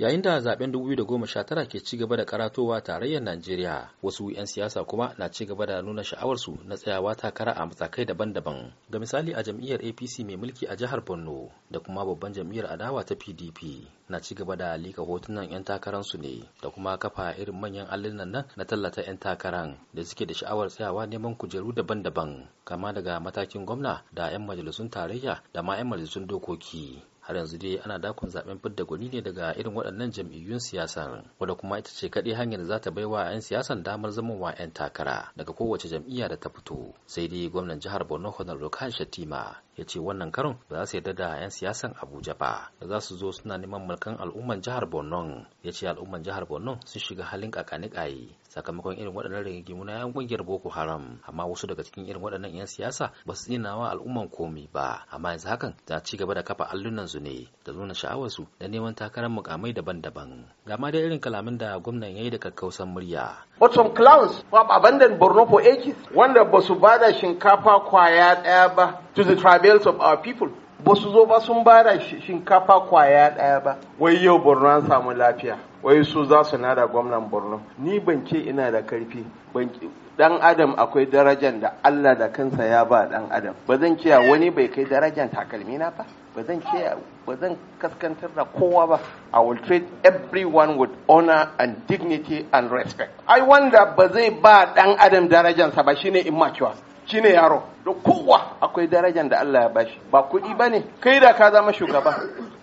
yayin da zaben 2019 ke ci gaba da karatowa tarayyar Najeriya wasu 'yan siyasa kuma na ci gaba da nuna sha'awarsu na tsayawa takara a matakai daban-daban ga misali a jam'iyyar APC mai mulki a jihar Borno da kuma babban jam'iyyar adawa ta PDP na ci gaba da lika hotunan 'yan su ne da kuma kafa irin manyan allunan nan na tallata 'yan takaran da suke da sha'awar tsayawa neman kujeru daban-daban kama daga matakin gwamna da 'yan majalisun tarayya da ma 'yan majalisun dokoki har yanzu dai ana dakon zaben fidda gwani ne daga irin waɗannan jam'iyyun siyasa wadda kuma ita ce kaɗai hanyar za ta baiwa 'yan siyasan damar zaman wa 'yan takara daga kowace jam'iyya da ta fito sai dai gwamnan jihar borno honar rukan shatima ya ce wannan karon ba za su yarda da 'yan siyasan abuja ba da za su zo suna neman mulkan al'umman jihar borno ya ce al'umman jihar borno sun shiga halin kakanikaye sakamakon irin waɗannan rigingimu na 'yan ƙungiyar boko haram amma wasu daga cikin irin waɗannan 'yan siyasa ba su tsina wa al'umman komi ba amma yanzu hakan za ci gaba da kafa allunan su ne da nuna sha'awar su da neman takarar mukamai daban-daban Gama ma dai irin kalamin da gwamnan ya yi da kakkausan murya but clowns from abandoned borno for ages wanda ba su bada shinkafa kwaya ɗaya ba to the tribals of our people ba su zo ba sun ba da shinkafa kwaya ɗaya ba wai yau borno an samu lafiya wai su za su da gwamnan borno ni ban ce ina da karfi dan adam akwai darajar da allah da kansa ya ba dan adam ba zan ce wani bai kai darajar takalmi na ba ba zan ce ba zan kaskantar da kowa ba i will treat everyone with honor and dignity and respect I wonder ba zai ba dan adam darajarsa ba shine immature shine yaro da kowa akwai darajar da Allah ya bashi ba kuɗi ba ne kai da ka zama shugaba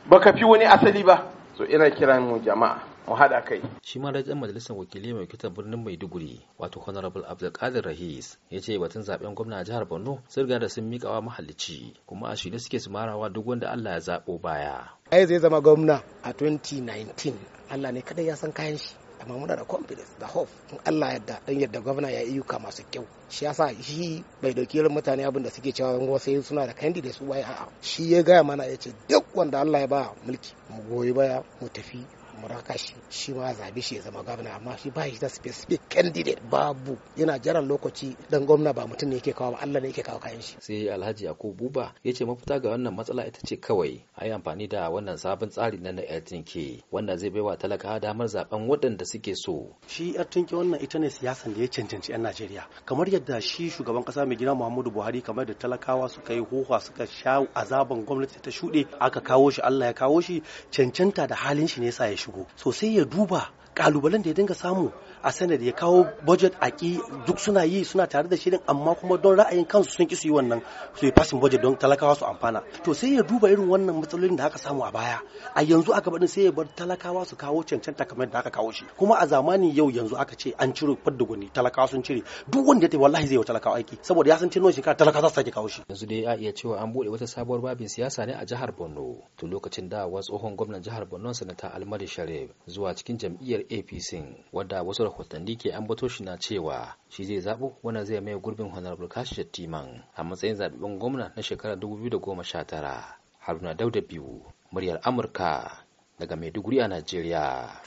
ba ka fi wani asali ba so ina kiran mu jama'a mu haɗa kai. Shi ma rajin majalisar wakilai mai kitan birnin Maiduguri wato Honorable Abdulkadir Rahis ya ce batun zaben gwamna jihar Borno sun riga da sun miƙa wa mahallici kuma a shirye suke su marawa duk wanda Allah ya zaɓo baya. Ai zai zama gwamna a 2019 Allah ne kada ya san kayan shi. amma muna da confidence da hope in Allah yadda dan yadda gwamna ya iyuka masu kyau shi yasa shi bai dauki irin mutane abin da suke cewa ruwa sai suna da candidate su bai a'a shi ya gaya mana ya ce duk wanda Allah ya ba mulki mu goyi baya mu tafi muraka shi ma zabe shi ya zama gwamna amma shi ba shi da specific candidate babu yana jaran lokaci dan gwamna ba mutum ne yake kawo ba Allah ne yake kawo kayan shi sai Alhaji Yakubu Buba ya ce mafita ga wannan matsala ita ce kawai a yi amfani da wannan sabon tsari na na wanda zai baiwa talaka damar zaben waɗanda suke so shi LTNK wannan ita ne siyasan da ya cancanci 'yan Najeriya kamar yadda shi shugaban kasa mai gina Muhammadu Buhari kamar da talakawa suka yi hoha suka sha azaban gwamnati ta shuɗe aka kawo shi Allah ya kawo shi cancanta da halin shi ne sa ya shigo so sai ya duba kalubalen da ya dinga samu a sanar ya kawo budget a ki duk suna yi suna tare da shirin amma kuma don ra'ayin kansu sun ki su yi wannan su yi passing budget don talakawa su amfana to sai ya duba irin wannan matsalolin da aka samu a baya a yanzu aka baɗin sai ya bar talakawa su kawo cancanta kamar da aka kawo shi kuma a zamanin yau yanzu aka ce an ciro fadduguni talakawa sun cire duk wanda ya tafi wallahi zai wa talakawa aiki saboda ya san cewa ka talakawa za su sake kawo shi yanzu dai a iya cewa an buɗe wata sabuwar babin siyasa ne a jihar Borno tun lokacin da tsohon gwamnan jihar Borno sanata Almadi Sharif zuwa cikin jam'iyyar apc wadda wasu rahotanni ke ambato shi na cewa shi zai zaɓo wanda zai mai gurbin honorable kashi timan a matsayin zaɓen gwamna na shekarar 2019 haruna dauda biyu muryar amurka daga maiduguri a najeriya